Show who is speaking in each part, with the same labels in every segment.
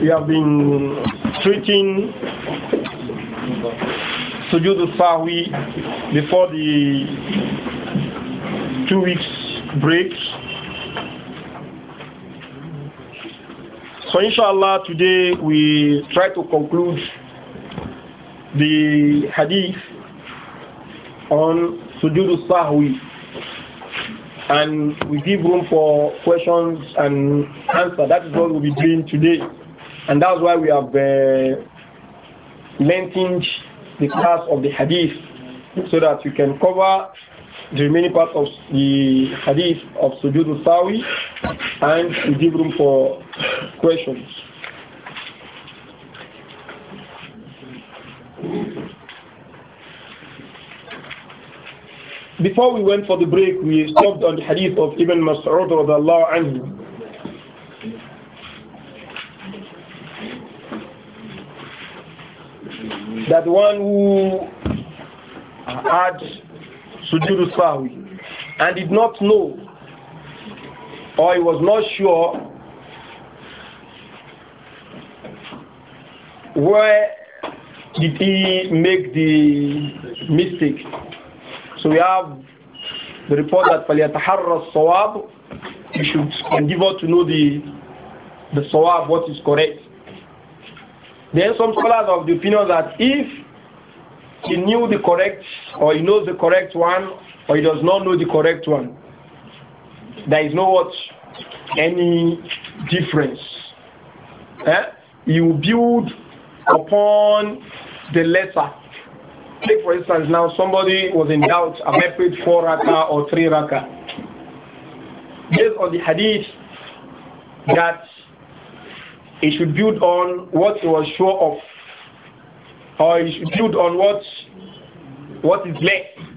Speaker 1: we have been treating Sujood Sahwi before the two weeks break. So inshallah today we try to conclude the hadith on Sujood Sahwi and we give room for questions and answer. That is what we'll be doing today. And that's why we have uh, lengthened the class of the hadith so that we can cover the remaining part of the hadith of Sujood al-Sawi and we give room for questions. Before we went for the break, we stopped on the hadith of Ibn Mas'ud radiallahu anhu that one who had sujood sahwi and did not know or he was not sure where did he make the mistake. So we have the report that فَلْيَتَحَرَّ الصَّوَابُ You should endeavor to know the, the sawab, what is correct. Then some scholars of the opinion that if he knew the correct or he knows the correct one or he does not know the correct one, there is no what any difference. Eh? He will build upon the letter. Take for instance now somebody was in doubt about prayed four raka or three raka. Based on the hadith that he should build on what he was sure of, or he should build on what what is left.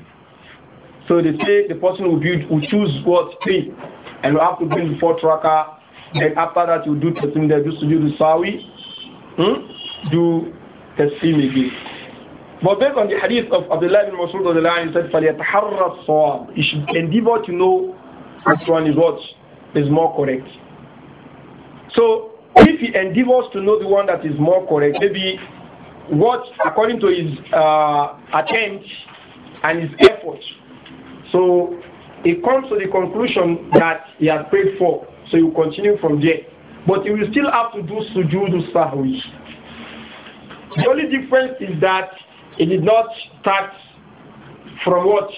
Speaker 1: So they say the person who build will choose what three, and will have to build the fourth tracker. Then after that, you do testing to do sujood sawi, hmm? do same again. But based on the hadith of Abdullah bin Masud of the line, he said, فَلْيَتَحَرَّ الصَّوَابِ You should endeavor to know which one is what is more correct. So if he endeavors to know the one that is more correct, maybe what according to his uh, attempt and his effort, so he comes to the conclusion that he has prayed for. So you continue from there. But you will still have to do sujood sahwi. The only difference is that it did not start from what?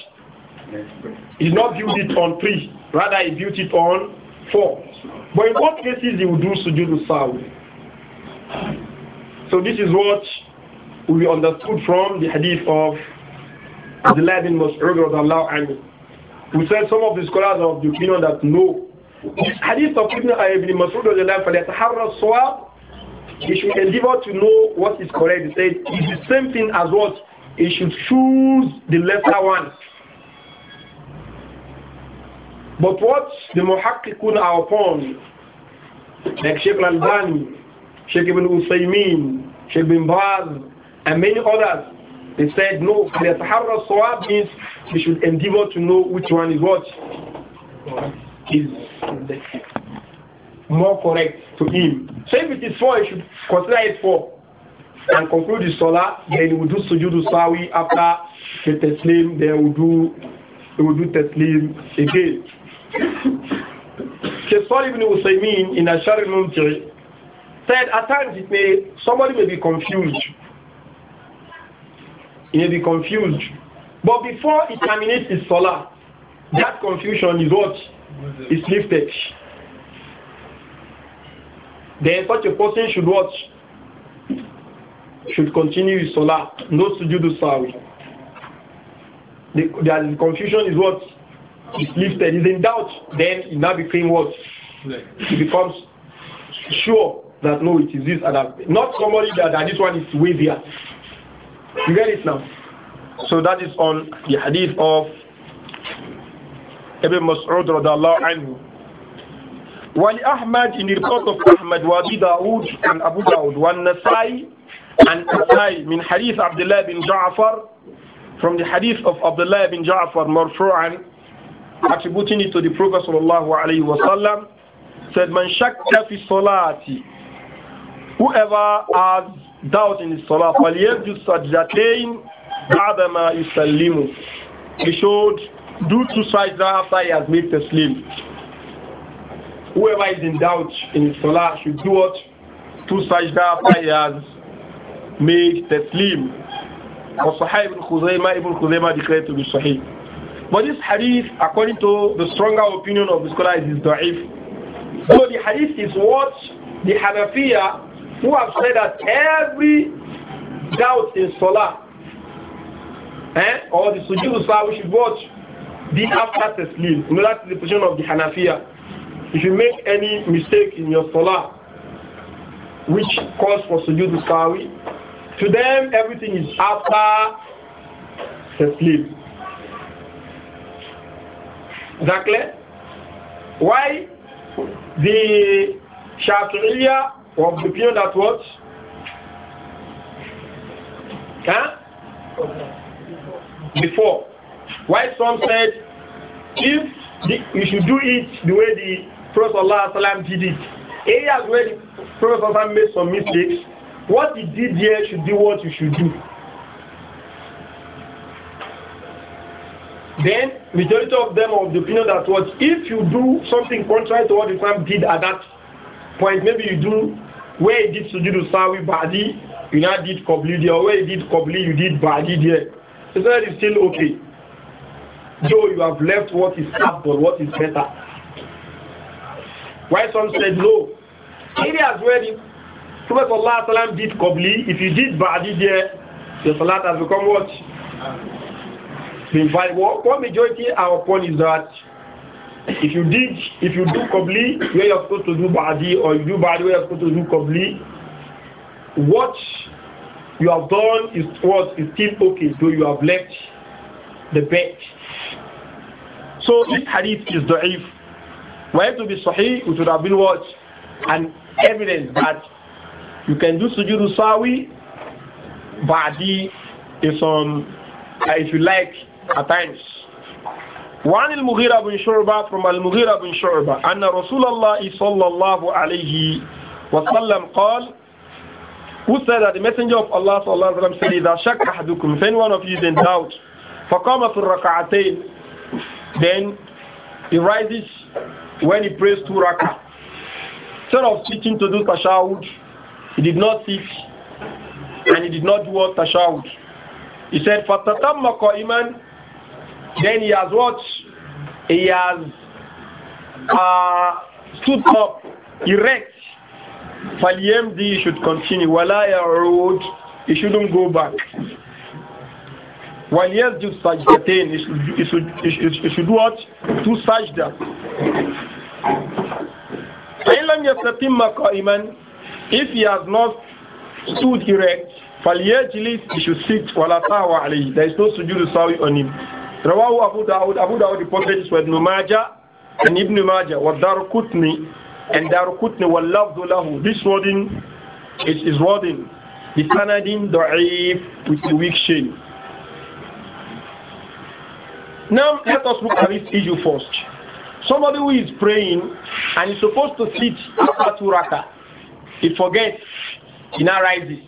Speaker 1: He did not build it on three. Rather, he built it on four. But in what cases, he would do sujood sahwi. So this is what we understood from the hadith of Abdullah bin Mas'ud We said some of the scholars of the opinion that no. This hadith of Ibn, Ibn Mas'ud فَلَيَتَحَرَّ الصَّوَابِ He should endeavor to know what is correct. He said it's the same thing as what? He should choose the lesser one. But what the muhakkikun are upon, like Sheikh Al-Bani, Sheikh Ibn Usaymin, Sheikh Ibn Baz, and many others, they said no, the Sahara Sawab means we should endeavor to know which one is what is more correct to him. So if it is four, he should consider it four and conclude the Salah, then he will do Sujudu sawi after the Taslim, then he will do, he will do Taslim again. Sheikh Salih ibn Usaymin in Ashar al-Mumti said at times it may, somebody may be confused. He may be confused. But before he terminates his salah, that confusion is what is lifted. Then such a person should watch, should continue his salah, no sujudu sawi. The, the confusion is what is lifted, is in doubt, then it now becomes what? It becomes sure that no, it is this and that. Not somebody that, that this one is wavier. You get it now? So that is on the hadith of Ibn Mas'ud radiallahu anhu. Ahmad in the report of Ahmad Wadi داود and Abu أبو داود Nasai and Nasai من Hadith Abdullah bin Ja'far from the hadith of Abdullah bin Ja'far مرفوعا attributing it to the Prophet sallallahu alayhi wa sallam, said, Man shakka fi salati. Whoever has doubt in his salah, فَلْيَبْجُ سَجْدَتَيْن بَعْدَمَا يُسَلِّمُ He should do two sajda after he has made taslim. Whoever is in doubt in his salah should do what? Two sajda after he has made taslim. وصحيح ابن خزيمة ابن خزيمة declared to be sahih. But this hadith, according to the stronger opinion of the scholars, is da'if. So the hadith is what the Hanafiya, who have said that every doubt in Salah, eh, or the sujood Salah, we should watch the after sleep. You know, that's the position of the Hanafiya. If you make any mistake in your Salah, which calls for sujood Salah, to them everything is after sleep. Is that clear? Why the Shafi'iyya of the period that was, Huh? Before. Why some said if you should do it the way the Prophet ﷺ did it. Areas where the Prophet ﷺ made some mistakes, what he did here should be what you should do. then majority of them are of the opinion that what if you do something contrary to what the Imam did at that point, maybe you do where he did sujudu sawi badi, you now did qabli there, where he did qabli, you did badi there. So that is still okay. So you have left what is but what is better. Why some said no. Areas where the Prophet Allah did qabli, if you did badi there, the salat has become what? In five, what, what majority our point is that if you did, if you do Qabli, where you're supposed to do Ba'di, or you do Ba'di, where you're supposed to do Qabli, what you have done is what is still okay, so you have left the bet. So this hadith is da'if. Were it to be sahih, it would have been what? An evidence that you can do sujood sawi, ba'di, is on, uh, if you like, at times. وعن المغيرة بن شعبة from المغيرة بن شعبة أن رسول الله صلى الله عليه وسلم قال who said that the messenger of Allah صلى الله عليه وسلم said إذا شك أحدكم if any one of you is in doubt فقام في الركعتين then he rises when he prays two rakah instead of sitting to do tashahud he did not sit and he did not do what tashahud he said فَتَتَمَّ قَائِمًا then he has what? He has uh, stood up erect. Falyemdi should continue. Walaya road, he shouldn't go back. Walyasjud sajdatain, he should, he should, he should what? Two sajda. فإن يستتم قائما if he has not stood erect فليجلس he should sit ولا سهو عليه there is no sujood sawi on him Rawahu Abu Dawud, Abu Dawud reported this with and Ibn Majah, wa Darukutni and Darukutni wa Lafdu Lahu. This wording is, is wording, the Sanadin Da'if with the weak shame. Now let us look at this issue first. Somebody who is praying and is supposed to sit after two raka, he forgets, he now rises.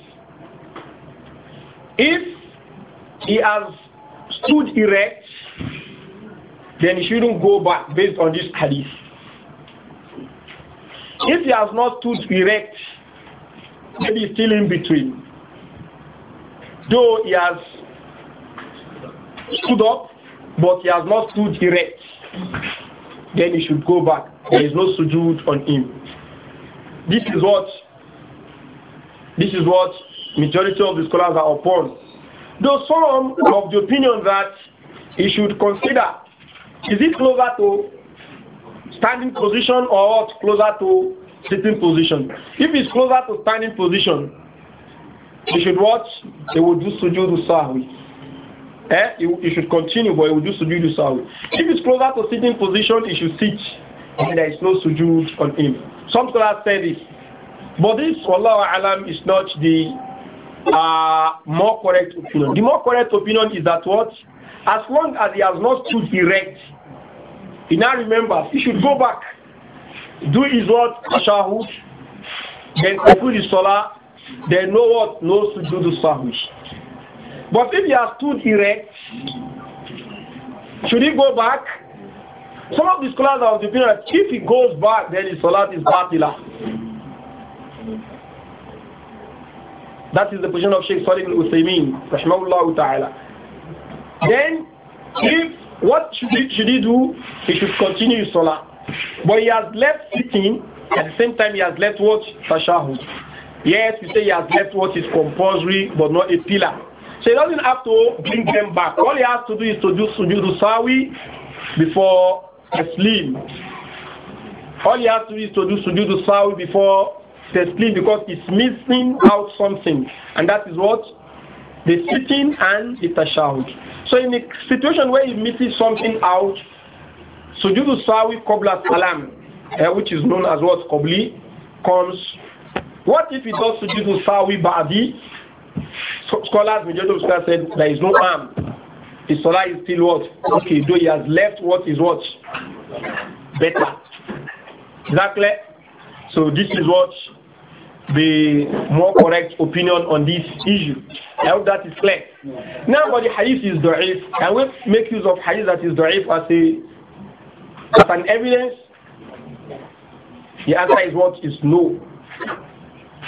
Speaker 1: If he has stood erect, then he shouldn't go back based on this hadith. If he has not stood erect, maybe he's still in between. Though he has stood up, but he has not stood erect, then he should go back. There is no sujood on him. This is what this is what majority of the scholars are upon Though some of the opinion that he should consider is it closer to standing position or closer to sitting position? If it's closer to standing position, he should watch, he will do sujood sahwi. Eh? He, he should continue, but he will do sujood sahwi. If it's closer to sitting position, he should sit, and there is no sujood on him. Some scholars say this, but this, wallahu alam, is not the uh, more correct opinion. The more correct opinion is that what? As long as he has not stood erect, he now remembers he should go back, do his what? Ashahud, then complete his salah, then know what? Knows to do the sahwish. But if he has stood erect, should he go back? Some of the scholars are the opinion that if he goes back, then his salah is batila. That is the position of Sheikh Salih al Uthaymeen, rahimahullah ta'ala. Then, if, what should he, should he do? He should continue his salah. But he has left sitting, at the same time he has left what? Tashahud. Yes, we say he has left what is compulsory, but not a pillar. So he doesn't have to bring them back. All he has to do is to do sujood sawi before Taslim. All he has to do is to do sujood sawi before because it's missing out something, and that is what the sitting and the tashahud. So in a situation where you misses something out, sujudu sawi qabla salam, uh, which is known as what qabli, comes. What if it does sujudu sawi ba'di? scholars, majority of scholars said there is no harm. The salah is still what? Okay, though he has left what is what? Better. Exactly. So this is what the more correct opinion on this issue. I hope that is clear. Now, but the hadith is da'if. Can we make use of hadith that is da'if as, a, as an evidence? The answer is what is no.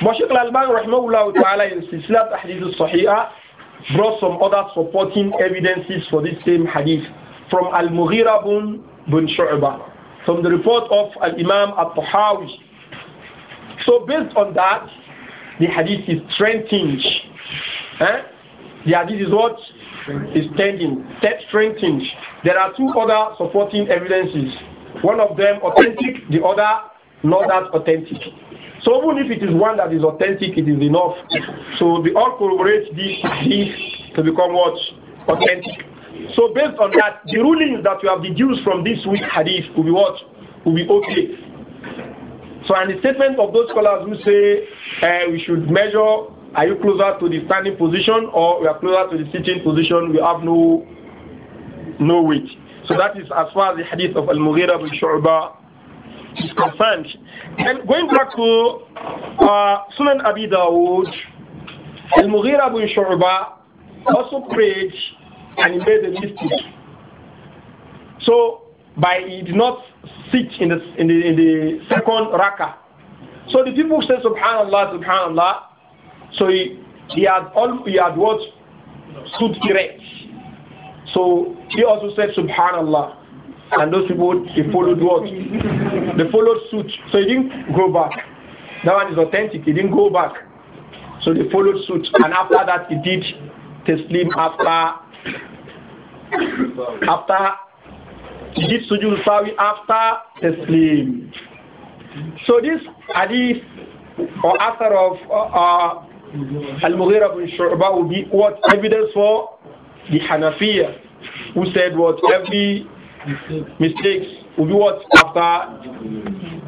Speaker 1: Mashiq al-Albani rahimahullah ta'ala in Sislat Hadith al-Sahihah brought some other supporting evidences for this same hadith from Al-Mughira bin, bin Shu'bah from the report of Al-Imam al-Tahawi so based on that, the hadith is strengthened. Eh? The hadith is what? Is tending, strengthened. There are two other supporting evidences. One of them authentic, the other not that authentic. So even if it is one that is authentic, it is enough. So we all corroborate this hadith to become what? Authentic. So based on that, the rulings that we have deduced from this week's hadith will be what? Will be okay. So, and the statement of those scholars who say uh, we should measure are you closer to the standing position or we are closer to the sitting position, we have no, no weight. So, that is as far as the hadith of Al Mughira bin Shu'bah is concerned. And going back to uh, Sunan Abi Dawood, Al Mughira bin Shu'bah also prayed and he made a mistake. So, by he did not sit in the, in the, in the second raka. So the people said, Subhanallah, Subhanallah. So he, he had all he had what stood erect. So he also said Subhanallah, and those people they followed what they followed suit. So he didn't go back. That one is authentic. He didn't go back. So they followed suit, and after that he did Teslim after after he did sujud sawi after taslim. So this hadith or author of uh, uh Al-Mughira bin Shu'ba will be what evidence for the Hanafiya who said what every mistakes will be what after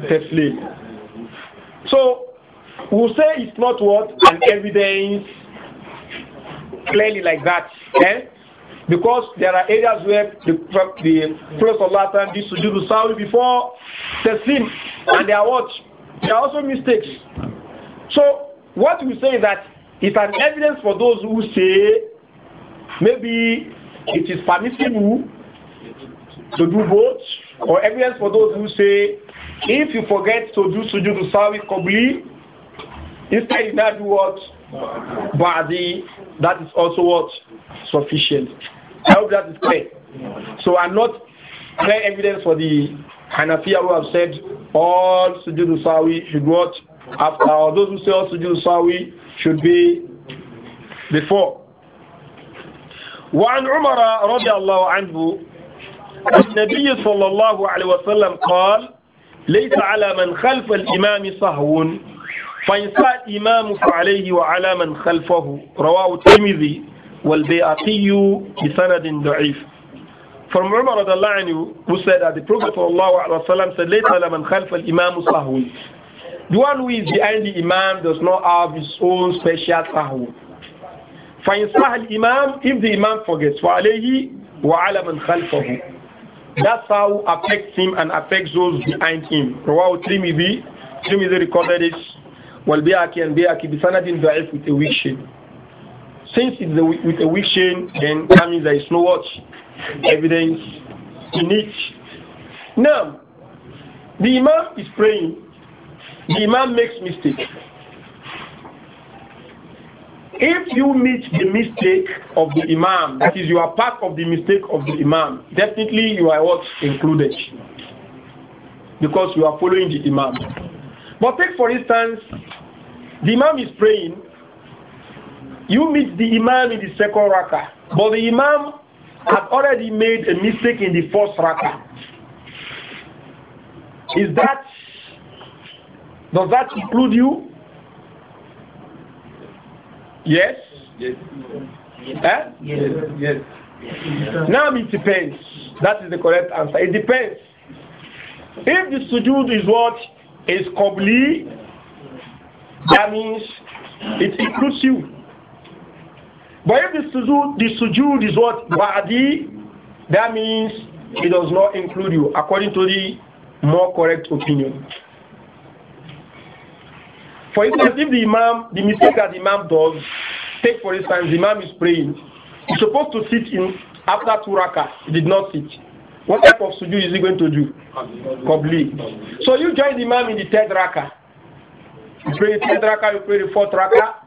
Speaker 1: Taslim. So we'll say it's not what an evidence clearly like that. Eh? Because there are areas where the, the Prophet latan time used to do the sawi before the sin and they are There are also mistakes. So what we say that it's an evidence for those who say maybe it is permissible to do both or evidence for those who say if you forget to do sujood sawi qabli instead you now do what ba'di that is also what sufficient I hope that is clear. So I'm not clear evidence for the Hanafiya who have said all sujood sawi should watch after or those who say all sujood sawi should be before. وعن عمر رضي الله عنه النبي صلى الله عليه وسلم قال ليس على من خلف الإمام صهو فإن ساء الإمام فعليه وعلى من خلفه رواه الترمذي والبيعقي بسند ضعيف From Umar radiallahu who said that the Prophet sallallahu said, "Later, man khalf al imam sahul." The one who is behind the imam does not have his own special For فَإِنْ the imam, If the imam forgets, فَعَلَيْهِ وَعَلَى مَنْ خَلْفَهُ That's how affects him and affects those behind him. Rawahu Trimidi, Trimidi recorded it, وَالْبِيَعَكِ and بِيَعَكِ بِسَنَدٍ ضَعِفٍ with a weak since it's a, with a weak chain, then that means there is no watch evidence in it. Now, the Imam is praying. The Imam makes mistake. If you meet the mistake of the Imam, that is, you are part of the mistake of the Imam, definitely you are what included. Because you are following the Imam. But take, for instance, the Imam is praying you meet the Imam in the second rakah, but the Imam had already made a mistake in the first rakah. Is that, does that include you? Yes? Yes. Eh? Yes. yes. Now it depends. That is the correct answer. It depends. If the sujood is what is qabli, that means it includes you. But if the sujood, the sujood is what wadi, that means it does not include you, according to the more correct opinion. For instance, if the imam, the mistake that the imam does, take for instance, the imam is praying. He's supposed to sit in after two rakah. He did not sit. What type of sujood is he going to do? Complete. So you join the imam in the third rakah. You pray the third rakah, you pray the fourth rakah.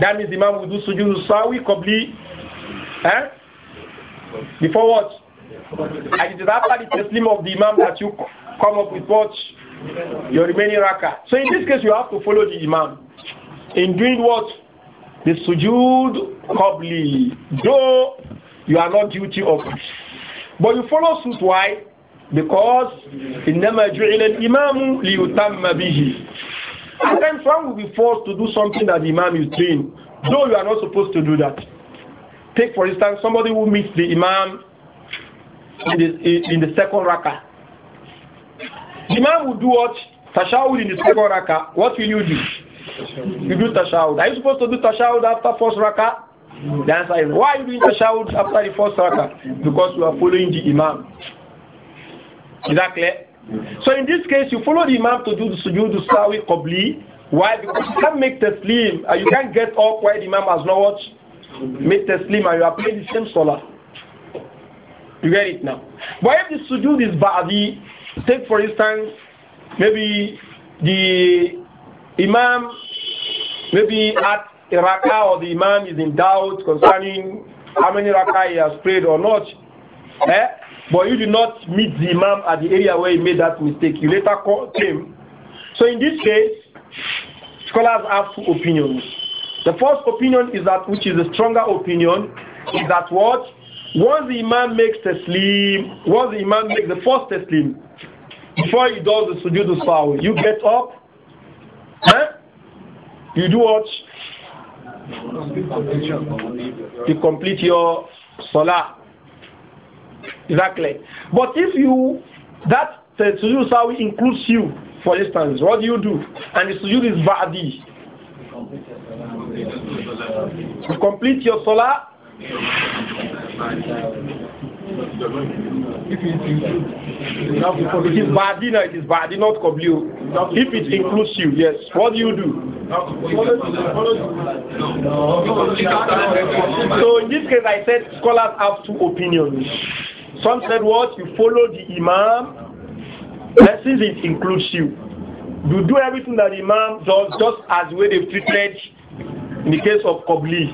Speaker 1: That means the man will do sujood sawi qabli. Eh? Before what? And it is after the taslim of the imam that you come up with what? Your remaining raka. So in this case, you have to follow the imam. In doing what? The sujood qabli. Though you are not guilty of it. But you follow suit. Why? Because إِنَّمَا جُعِلَ Imam liutam بِهِ and then one will be forced to do something that the Imam is doing, though you are not supposed to do that. Take for instance somebody who meets the Imam in the, in the second rakah. The Imam will do what? Tashawud in the second rakah. What will you do? You do Tashawud. Are you supposed to do Tashawud after first rakah? The answer is why are you doing Tashawud after the first rakah? Because you are following the Imam. Is that clear? So in this case, you follow the imam to do the sujood sawi qabli. Why? Because you can't make taslim. Uh, you can't get up while the imam has not watched. Make taslim and you are playing the same salah. You get it now. But if the sujood is ba'di, take for instance, maybe the imam maybe at a or the imam is in doubt concerning how many rakah he has prayed or not. Eh? But you did not meet the Imam at the area where he made that mistake. You later came. So in this case, scholars have two opinions. The first opinion is that, which is the stronger opinion, is that what? Once the Imam makes taslim, once the Imam makes the first taslim, before he does the sujood al you get up, huh? Eh? you do what? You complete your salah. Exactly. But if you, that sujood sawi includes you, for instance, what do you do? And the sujood is ba'di. You complete your solar, If it is ba'di, it is ba'di, not qabli. If it includes you, yes. What do you do? So in this case, I said scholars have two opinions. Some said what? You follow the Imam. Blessings it includes you. You do everything that Imam does just as the way they've treated in the case of Kobli.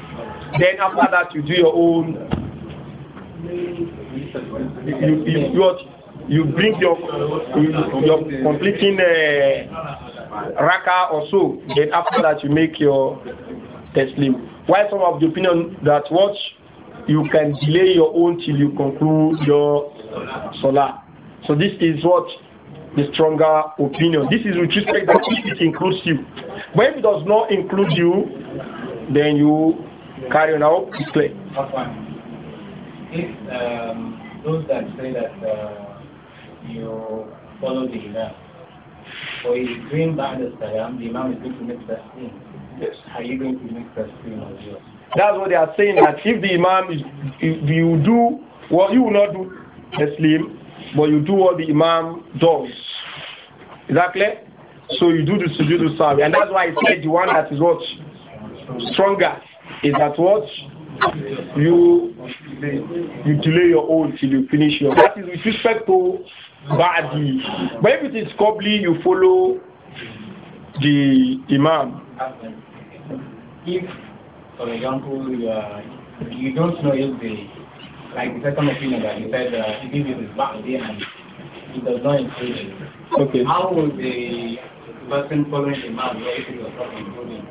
Speaker 1: Then after that you do your own you you, you, you bring your your completing uh, raka or so. Then after that you make your Teslim. Why some of the opinion that watch you can delay your own till you conclude your salah. So this is what the stronger opinion. This is with respect that it includes you. But if it does not include you, then you carry on out it's clear. If um, those that say that uh, you follow the imam, or you green by the salam, the imam is going to make that thing. Yes. Are you going to make that thing on yours? That's what they are saying that if the Imam is, if you do what you will not do Muslim, but you do what the Imam does. Exactly. So you do the sujood sawi, and that's why I said the one that is what stronger is that what you you delay your own till you finish your. That is with respect to body. But if it is cobly, you follow the imam. If for example, uh, you don't know if the, like the second opinion that you said, uh, this is back there and it does not include it. Okay. How would the person following the man know if it was not included?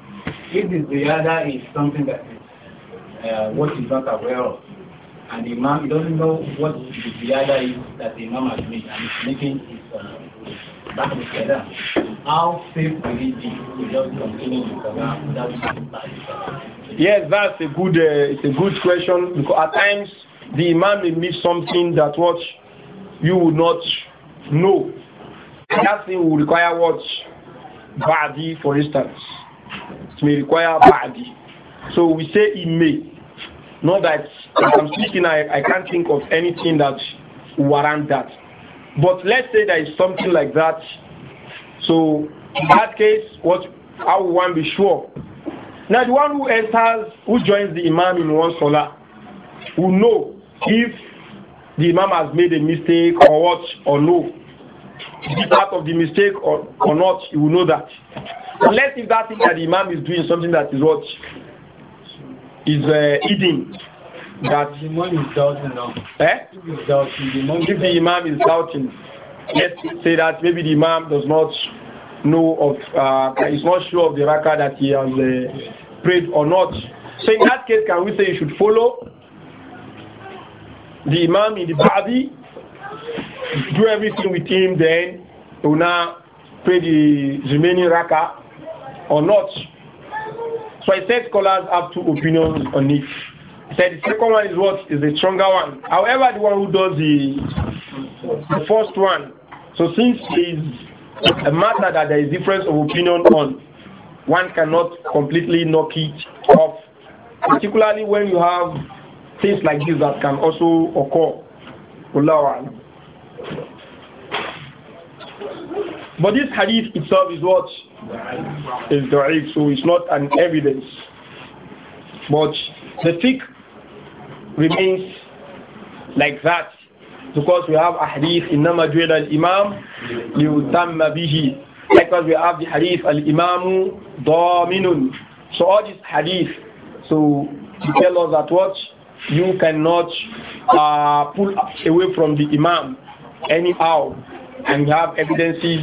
Speaker 1: If the other is something that is uh, what is not aware of, and the imam doesn't know what the other is that the imam has made, and it's making his uh, back together, how will it be Yes, that's a good uh, it's a good question because at times the imam may miss something that what you would not know. that thing will require what badi, for instance. It may require badi. So we say it may. Not that I'm speaking, I, I can't think of anything that warrant that. But let's say there is something like that. So in that case, what how will one be sure? Now the one who enters, who joins the imam in one salah, will know if the imam has made a mistake or what or no. Is part of the mistake or, or not, you will know that. Unless if that thing that the imam is doing something that is what is uh, eating that the imam is doubting now. Eh? If he's doubting, the imam, if the imam is doubting, let's say that maybe the imam does not know of, uh, is not sure of the rakah that he has uh, prayed or not. So in that case, can we say you should follow the imam in the body, do everything with him, then you now pray the remaining raka or not? So I said scholars have two opinions on it. He said the second one is what is the stronger one. However, the one who does the, the first one. So since it's a matter that there is difference of opinion on, one cannot completely knock it off. Particularly when you have things like this that can also occur. But this hadith itself is what? Is da'if, so it's not an evidence. But the fiqh remains like that because we have a hadith innama ju'ila al-imam liyutamma bihi likewise we have the hadith al-imam minun. so all these hadith so to tell us that what you cannot uh, pull away from the imam anyhow and you have evidences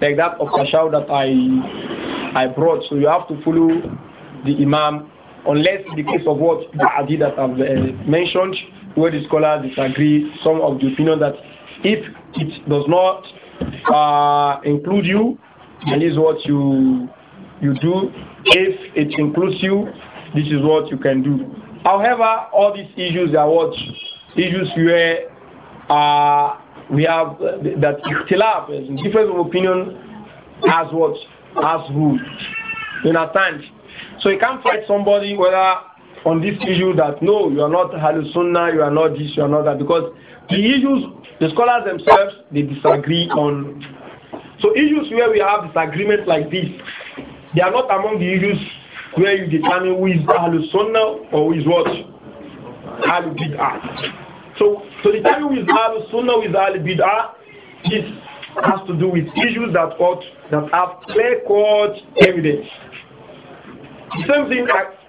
Speaker 1: like that of Kashaw that I I brought so you have to follow the imam unless in the case of what the hadith that I've uh, mentioned, where the scholars disagree, some of the opinion that if it does not uh, include you, then is what you you do. If it includes you, this is what you can do. However, all these issues are what issues where uh, we have uh, that ikhtilaf, difference of opinion, as what as in our time, so you can't fight somebody whether on this issue that no, you are not Ahlul you are not this, you are not that, because the issues, the scholars themselves, they disagree on. So issues where we have disagreements like this, they are not among the issues where you determine who is Ahlul or who is what? Ahlul So, so the who is Ahlul Sunnah, who is Ahlul Bid'ah, this has to do with issues that ought, that have clear-cut evidence. The same thing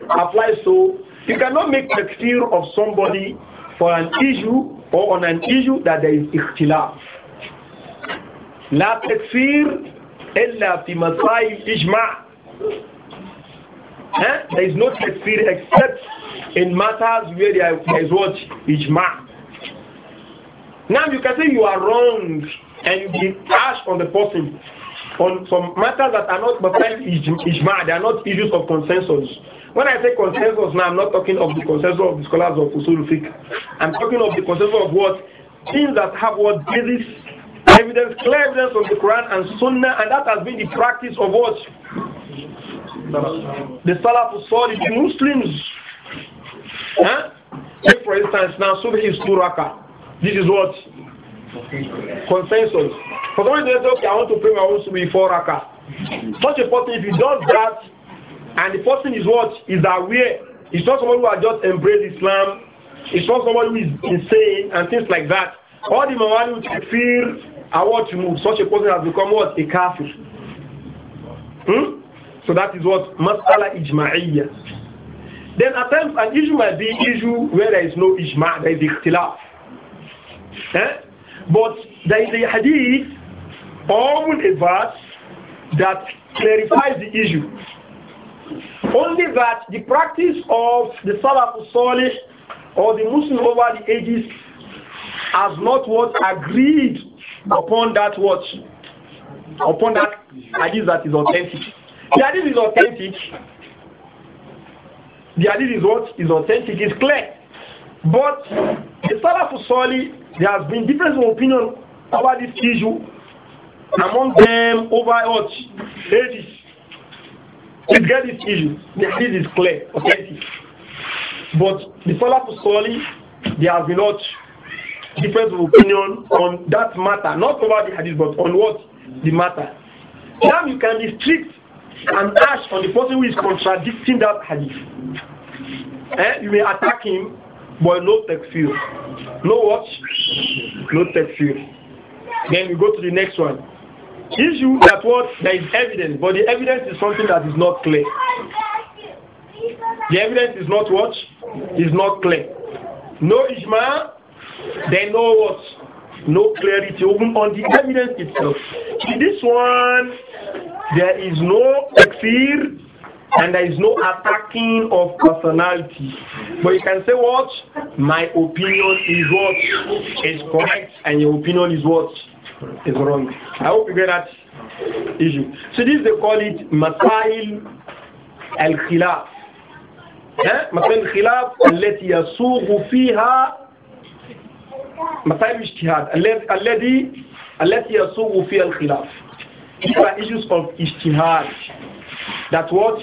Speaker 1: applies So you cannot make takfir of somebody for an issue or on an issue that there is ikhtilaf. لا تكفير إلا في مسائل إجماع. There is no takfir except in matters where there is what? Ijma. Now you can say you are wrong and you be harsh on the person on some matters that are not besides ijma, they are not issues of consensus. When I say consensus now, I'm not talking of the consensus of the scholars of usul fiqh. I'm talking of the consensus of what things that have what basis, evidence, clear evidence of the Quran and Sunnah, and that has been the practice of what the Salaf Salih, the Muslims. Huh? Take for instance now, Subhi is two This is what Consensus. For some reason, okay, I want to pray my own subi four raka. Such a person, if he does that, and the person is what? Is aware. It's not somebody who has just embraced Islam. It's not somebody who is insane and things like that. All the Mawali which fear want to move. Such a person has become what? A kafir. Hmm? So that is what? Mas'ala ijma'iyya. Then at times an issue might be issue where there is no ijma, there is ikhtilaf. Eh? But there is a hadith or a verse that clarifies the issue. Only that the practice of the Salafus Salih or the Muslim over the ages has not what agreed upon that what upon that hadith that is authentic. The hadith is authentic. The hadith is what is authentic, It's clear. But the Salafus Salih there has been difference of opinion about this issue among them over what ages. To get this issue. The is clear, okay? But the follow-up story, there has been not difference of opinion on that matter, not over the hadith, but on what the matter. Now you can be strict and ash on the person who is contradicting that hadith. Eh? You may attack him, but no field. No what? No field. Then we go to the next one. Issue that what there is evidence, but the evidence is something that is not clear. The evidence is not what? Is not clear. No ijma, then no what? No clarity even on the evidence itself. In this one, there is no takfir and there is no attacking of personality. But you can say what? My opinion is what is correct and your opinion is what is wrong. I hope you get that issue. So this they call it Masail al-Khilaf. Eh? Masail al-Khilaf التي يسوق فيها مسائل الاجتهاد alati التي يسوق al khilaf. These are issues of ijtihad. That what?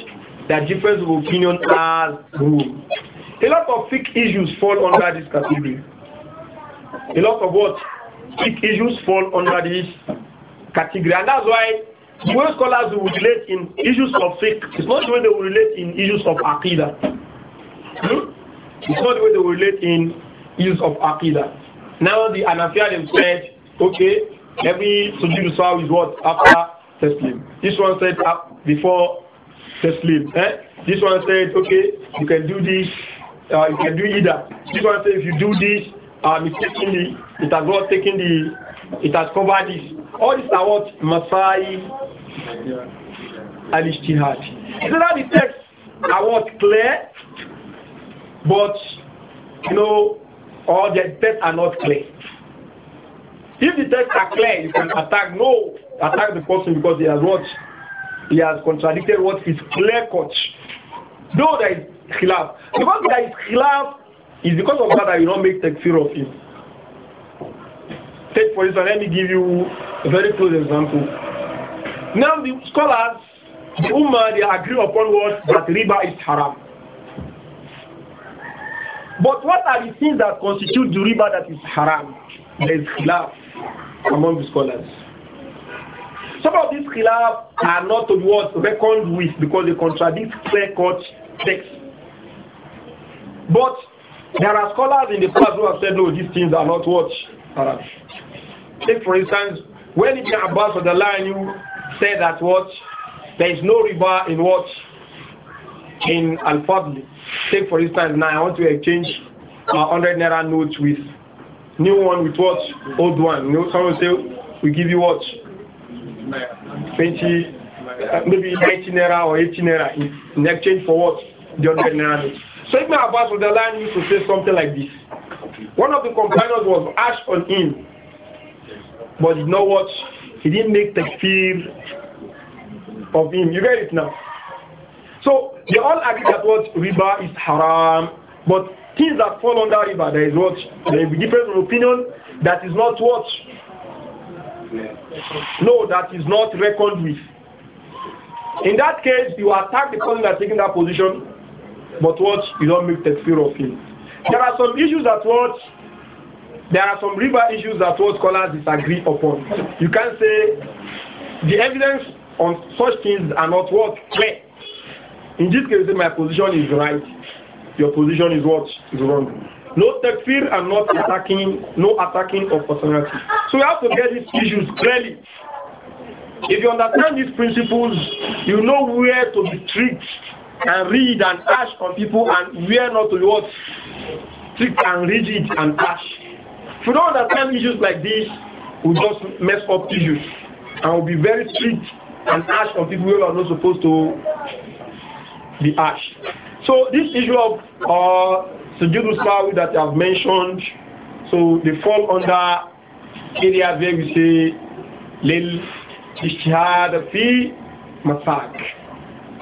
Speaker 1: the difference of opinion has rule. A lot of thick issues fall under this category. A lot of what? thick issues fall under this category. And that's why the way scholars will relate in issues of fiqh, it's not the way they will relate in issues of aqidah. Hmm? It's not the way they will relate in issues of aqidah. Now the anafiyah them said, okay, every sujood is what? After Testing. This one said uh, before just Eh? This one said, okay, you can do this, uh, you can do either. This one said, if you do this, uh, it has not taken the, it has covered this. All these are what Masai al had. So that the texts are what clear, but, you know, all the texts are not clear. If the texts are clear, you can attack, no, attack the person because they are what he has contradicted what his clear coach No, that is khilaf. Because that is khilaf, is because of that I do not make fear of him. Take for instance, let me give you a very close example. Now the scholars, the Ummah, they agree upon what that riba is haram. But what are the things that constitute the riba that is haram? There is khilaf among the scholars. Some of these khilaf are not to be what reckoned with because they contradict clear-cut text. But there are scholars in the past who have said, no, these things are not what Arab. Take for instance, when Ibn Abbas of the line you said that what there is no river in what in Al Fadli. Take for instance now I want to exchange uh, hundred naira notes with new one with what old one. You know, someone say we give you what 20, uh, maybe 90 naira or 80 naira in, exchange for what? The 100 naira. So Ibn boss would allow you to say something like this. One of the companions was ash on him, but you know what? He didn't make the fear of him. You get it now? So they all agree that what riba is haram, but things that fall under riba, there is what? There is a difference of opinion that is not what no, that is not reckoned with. In that case, you attack the person that's taking that position, but what? You don't make the fear of him. There are some issues that what? There are some river issues that what scholars disagree upon. You can say the evidence on such things are not what? Clear. In this case, my position is right. Your position is what? Is wrong. No takfir and not attacking, no attacking of personality. So we have to get these issues clearly. If you understand these principles, you know where to be strict and read and ash on people and where not to be what? Strict and rigid and ash. If you don't understand issues like this, we we'll just mess up issues and we'll be very strict and ash on people who are not supposed to be ash. So this issue of uh, sujudu sawi that i have mentioned, so they fall under areas where we say lil ishtihad fi masak.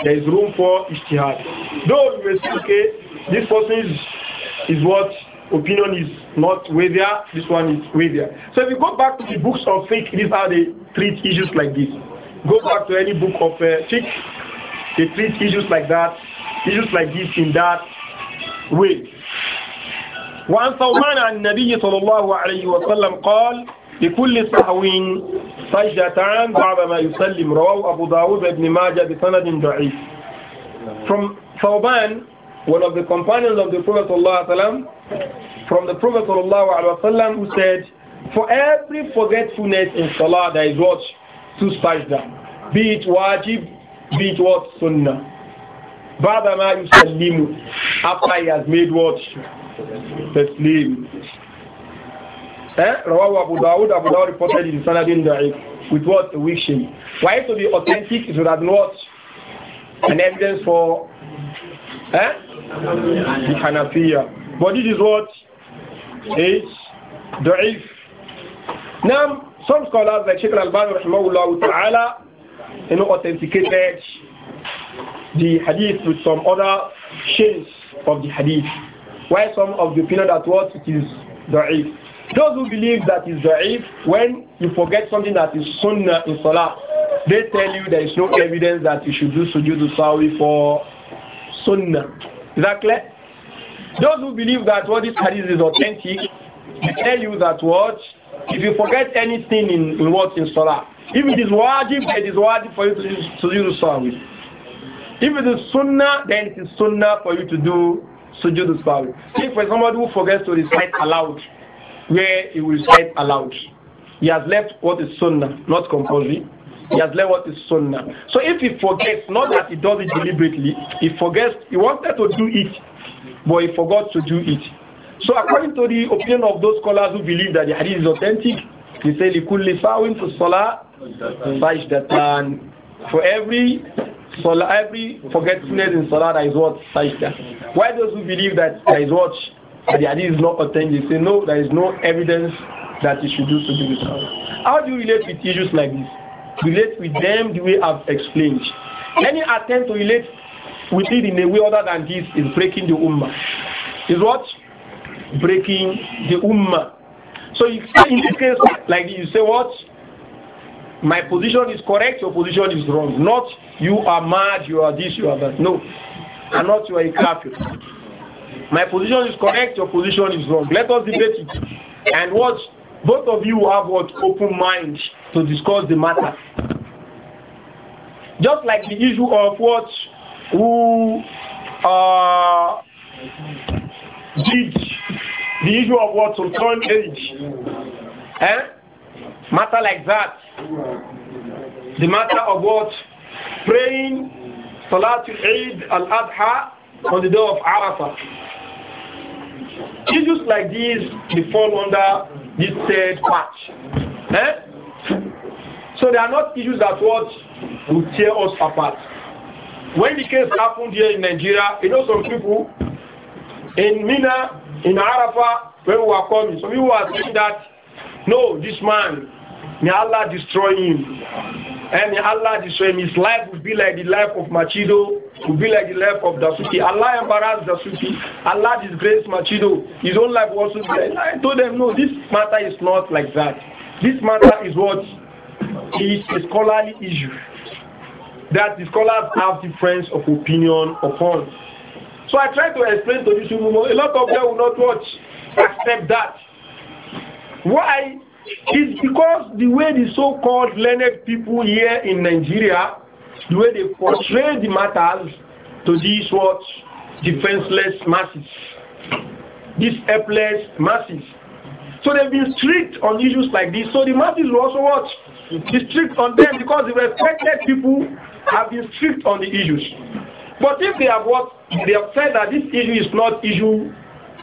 Speaker 1: There is room for ishtihad. Though you may say, okay, this person is, is what opinion is not weightier, this one is weightier. So if you go back to the books of fiqh, these are they treat issues like this. Go back to any book of uh, fiqh, they treat issues like that, issues like this in that way. وعن صومان عن النبي صلى الله عليه وسلم قال لكل سهو سجدتان بعد ما يسلم رواه أبو داود وابن ماجه بسند ضعيف From Thawban, one of the companions of the Prophet صلى الله عليه وسلم from the Prophet صلى الله عليه وسلم who said, For every forgetfulness in Salah there is what? to sajda. Be it wajib, be it what? Sunnah. بعد ما يسلم After he has made what? Taslim. Eh? Rawahu Abu Dawud, Abu Dawud reported in Sanadin Da'if. With what? Weak shame. Why to be authentic is that what an evidence for eh? the Hanafiya. But this is what is Da'if. Now, some scholars like Sheikh Al-Albani rahimahullah ta'ala you know, authenticated the hadith with some other chains of the hadith. Why some of the opinion that what it is da'if. Those who believe that is da'if, when you forget something that is sunnah in salah, they tell you there is no evidence that you should do sujood sawi for sunnah. Is that clear? Those who believe that what this hadith is authentic, they tell you that what if you forget anything in, in what in salah, if it is wajib, it is wajib for you to do sujood sawi. If it is sunnah, then it is sunnah for you to do sujood sahwi. If for somebody who forgets to recite aloud, where he will recite aloud, he has left what is sunnah, not compulsory. He has left what is sunnah. So if he forgets, not that he does it deliberately, he forgets, he wanted to do it, but he forgot to do it. So according to the opinion of those scholars who believe that the hadith is authentic, they say, لِكُلِّ فَاوٍ فِي الصَّلَاةِ سَجْدَتَانِ for every salah, every forgetfulness in salah, there is what? Sajda. Why those who believe that there is what? That the hadith is not authentic, say no, there is no evidence that you should do something How do you relate with issues like this? Relate with them the way I've explained. Any attempt to relate with it in a way other than this is breaking the ummah. Is what? Breaking the ummah. So you say in this case like you say what? my position is correct, your position is wrong. Not you are mad, you are this, you are that. No. And not you are a kafir. My position is correct, your position is wrong. Let us debate it. And what both of you have what open mind to discuss the matter. Just like the issue of what who uh, did the issue of what turn age. Eh? Matter like that. The matter of what? Praying Salatul Eid al-Adha on the day of Arafah. Issues like these, they fall under this third patch. Eh? So they are not issues that what will tear us apart. When the case happened here in Nigeria, you know some people in Mina, in Arafah, when we were coming, some people were saying that, no, this man, May Allah destroy him. And may Allah destroy him. His life will be like the life of Machido, will be like the life of Dasuki. Allah embarrass Dasuki. Allah disgraced Machido. His own life also. I told them, no, this matter is not like that. This matter is what is a scholarly issue that the scholars have difference of opinion upon. So I try to explain to this people, a lot of them will not watch, accept that. Why it's because the way the so-called learned people here in Nigeria, the way they portray the matters to these what defenseless masses, these helpless masses. So they've been strict on issues like this. So the masses will also watch, be strict on them because the respected people have been strict on the issues. But if they have what they have said that this issue is not issue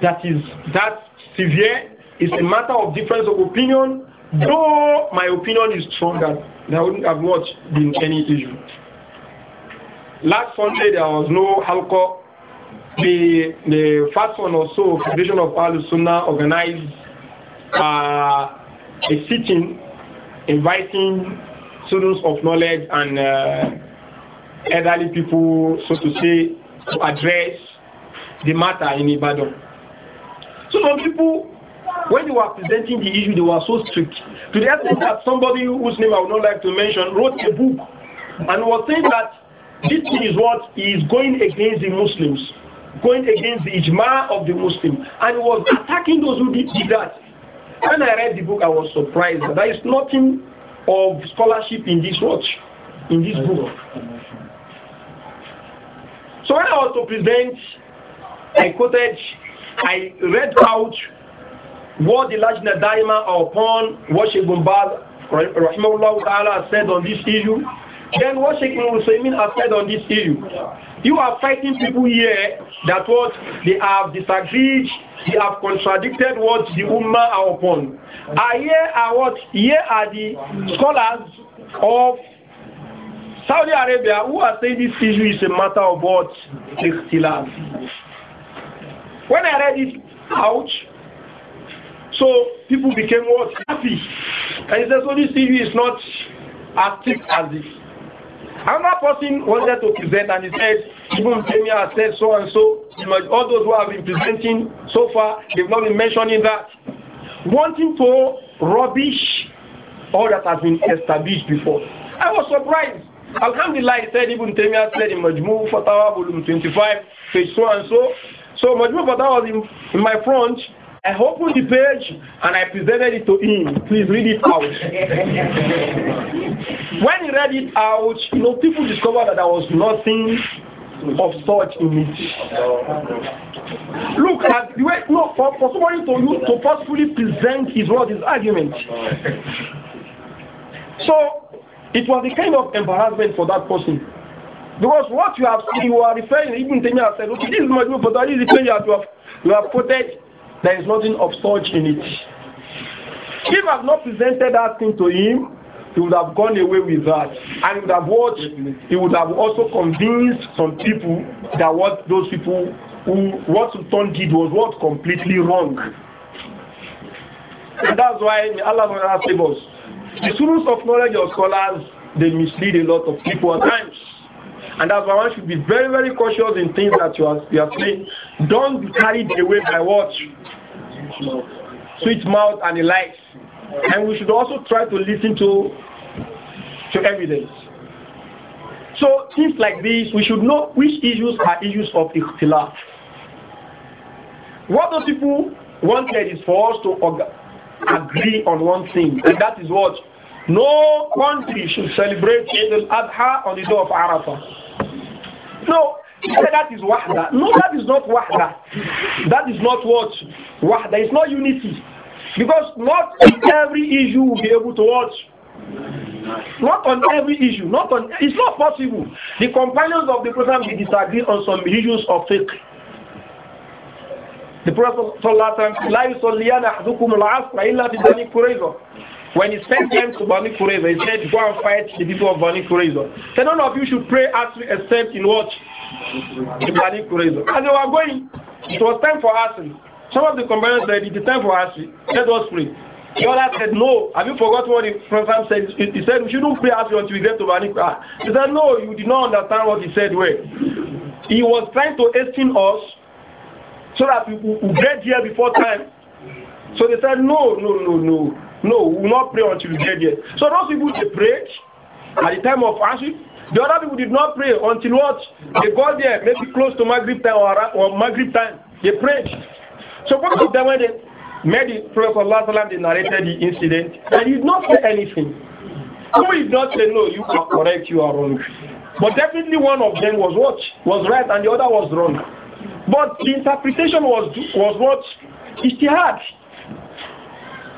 Speaker 1: that is that severe, it's a matter of difference of opinion, though my opinion is stronger. there wouldn't have much been any issue. Last Sunday there was no alcohol. The the first one or so Federation of Al Sunnah organized uh, a sitting inviting students of knowledge and uh, elderly people, so to say, to address the matter in Ibadan. So some people when they were presenting the issue, they were so strict. To the extent that somebody whose name I would not like to mention wrote a book and was saying that this is what is going against the Muslims, going against the ijma of the Muslim, and was attacking those who did that. When I read the book, I was surprised. There is nothing of scholarship in this watch, in this book. So when I was to present, I quoted, I read out what the Lajna Daima upon what Sheikh Bumbad Rahimahullah Ta'ala said on this issue, then what Sheikh Nusaymin has said on this issue. You are fighting people here that what they have disagreed, they have contradicted what the Ummah are upon. And here are what here are the scholars of Saudi Arabia who are saying this issue is a matter of what? Ikhtilaf. When I read it ouch. So people became what? Happy. And he said, so this TV is not as thick as this. Another person wanted to present and he said, even has said so and so. All those who have been presenting so far, they've not been mentioning that. Wanting to rubbish all that has been established before. I was surprised. Alhamdulillah, he said, Ibn Taymiyyah said in Majmu Fatawa, volume 25, page so and so. So Majmu Fatawa was in, in my front I opened the page and I presented it to him. Please read it out. when he read it out, you know, people discovered that there was nothing of such in it. Look at the way, no, for, for somebody to, you, to forcefully present his word, his argument. So, it was a kind of embarrassment for that person. Because what you have seen, you are referring, even Tanya said, okay, this is my group, but that is the thing that you have, you have quoted. There is nothing of such in it. If I've not presented that thing to him, he would have gone away with that. And he would have what he would have also convinced some people that what those people who what Sultan did was what completely wrong. And that's why Allah save us. The students of knowledge or scholars they mislead a lot of people at times. And that's why one should be very, very cautious in things that you are, you are saying. Don't be carried away by what sweet mouth and the likes. And we should also try to listen to to evidence. So things like this, we should know which issues are issues of ikhtilaf. What those people want? is for us to agree on one thing, and that is what no country should celebrate Eid al-Adha on the day of Arafah. No, he said that is wahda. No, that is not wahda. That is not what wahda. It's not unity. Because not on every issue will be able to watch. Not on every issue. Not on. It's not possible. The companions of the Prophet will disagree on some issues of faith. The Prophet sallallahu alaihi wasallam, "La yusalliyan ahadukum al-asr illa bi when he sent them to Bani Kureza, he said, Go and fight the people of Bani Kureza. Said, None of you should pray as we except in what? In Bani Kureza. As they were going, it was time for us. Some of the companions said, It is time for us. Let us pray. The other said, No. Have you forgotten what the Prophet said? He said, We shouldn't pray Asri until we get to Bani Kureza. Ah. He said, No, you did not understand what he said. Well, He was trying to hasten us so that we would get here before time. So they said, No, no, no, no. No, we will not pray until we get there. So those people they prayed at the time of worship. The other people did not pray until what? They got there, maybe close to Maghrib time or, or Maghrib time. They prayed. So both of them when they met the Prophet Allah, they narrated the incident and he did not say anything. Who did not say no, you are correct, you are wrong. But definitely one of them was what? Was right and the other was wrong. But the interpretation was was what? It's Ijtihad.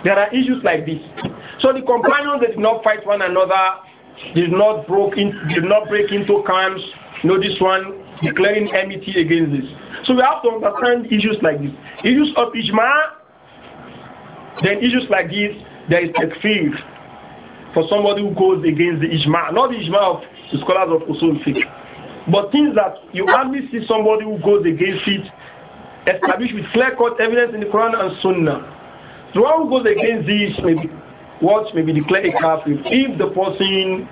Speaker 1: There are issues like this. So the companions did not fight one another, did not broke in, did not break into camps. You know this one declaring enmity against this. So we have to understand issues like this. Issues of ijma, then issues like this, there is field for somebody who goes against the ijma, not the ijma of the scholars of usul fiqh, but things that you hardly see somebody who goes against it established with clear-cut evidence in the Quran and Sunnah one who goes against this Maybe what may be declared a kafir if the person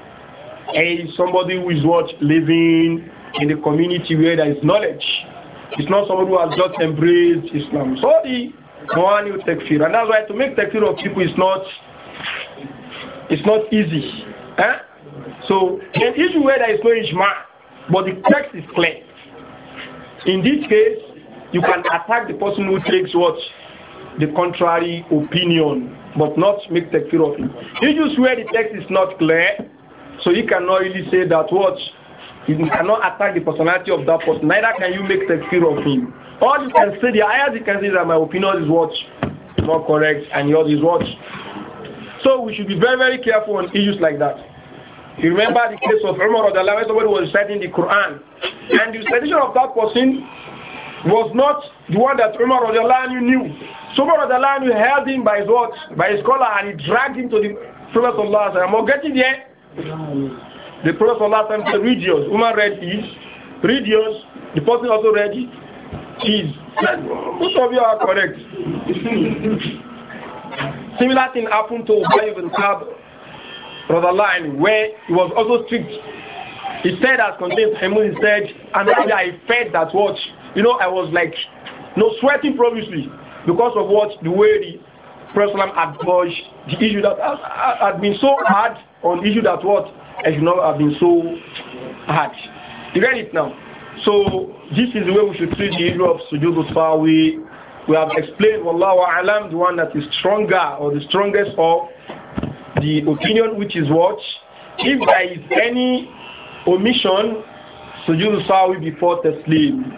Speaker 1: is somebody who is what living in the community where there is knowledge. It's not somebody who has just embraced Islam. So the one who fear, and that's why to make fear of people is not it's not easy. Eh? So an issue where there is no ijma, but the text is clear. In this case, you can attack the person who takes what the contrary opinion, but not make the cure of it. Issues where the text is not clear, so you cannot really say that what you cannot attack the personality of that person, neither can you make the cure of him. All you can say, the highest you can say that my opinion is what is not correct and yours is what. So we should be very, very careful on issues like that. You remember the case of Umar of Allah, somebody was reciting the Quran, and the recitation of that person was not the one that Umar of Allah knew the Adalan held him by his watch, by his collar, and he dragged him to the Prophet of Sallallahu Alaihi Wasallam. getting there. The Prophet of Allah said, read yours. Umar read his. Read yours. The person also read it. His. Most of you are correct. Similar thing happened to Ubay ibn Kab, Radallah, where he was also tricked. He said, as contained him he said, and I felt that watch. You know, I was like, no, sweating profusely because of what the way the President had approached the issue that had been so hard on issue that what as you know have been so hard. You get it now. So this is the way we should treat the issue of sujood far we we have explained Wallahu Alam the one that is stronger or the strongest of the opinion which is what if there is any omission sujood far before Taslim.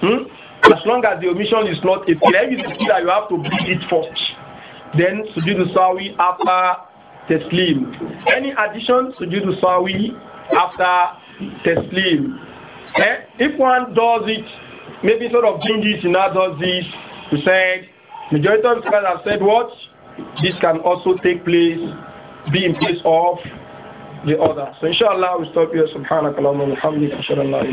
Speaker 1: Hmm? As long as the omission is not a pillar, if it's you have to bleed it first. Then the sawi after teslim. Any addition the sawi after teslim. Eh? If one does it, maybe sort of doing this now does this. We said majority of scholars have said what this can also take place, be in place of the other. So inshallah we stop here. Subhanakallah wa bihamdika. Inshallah.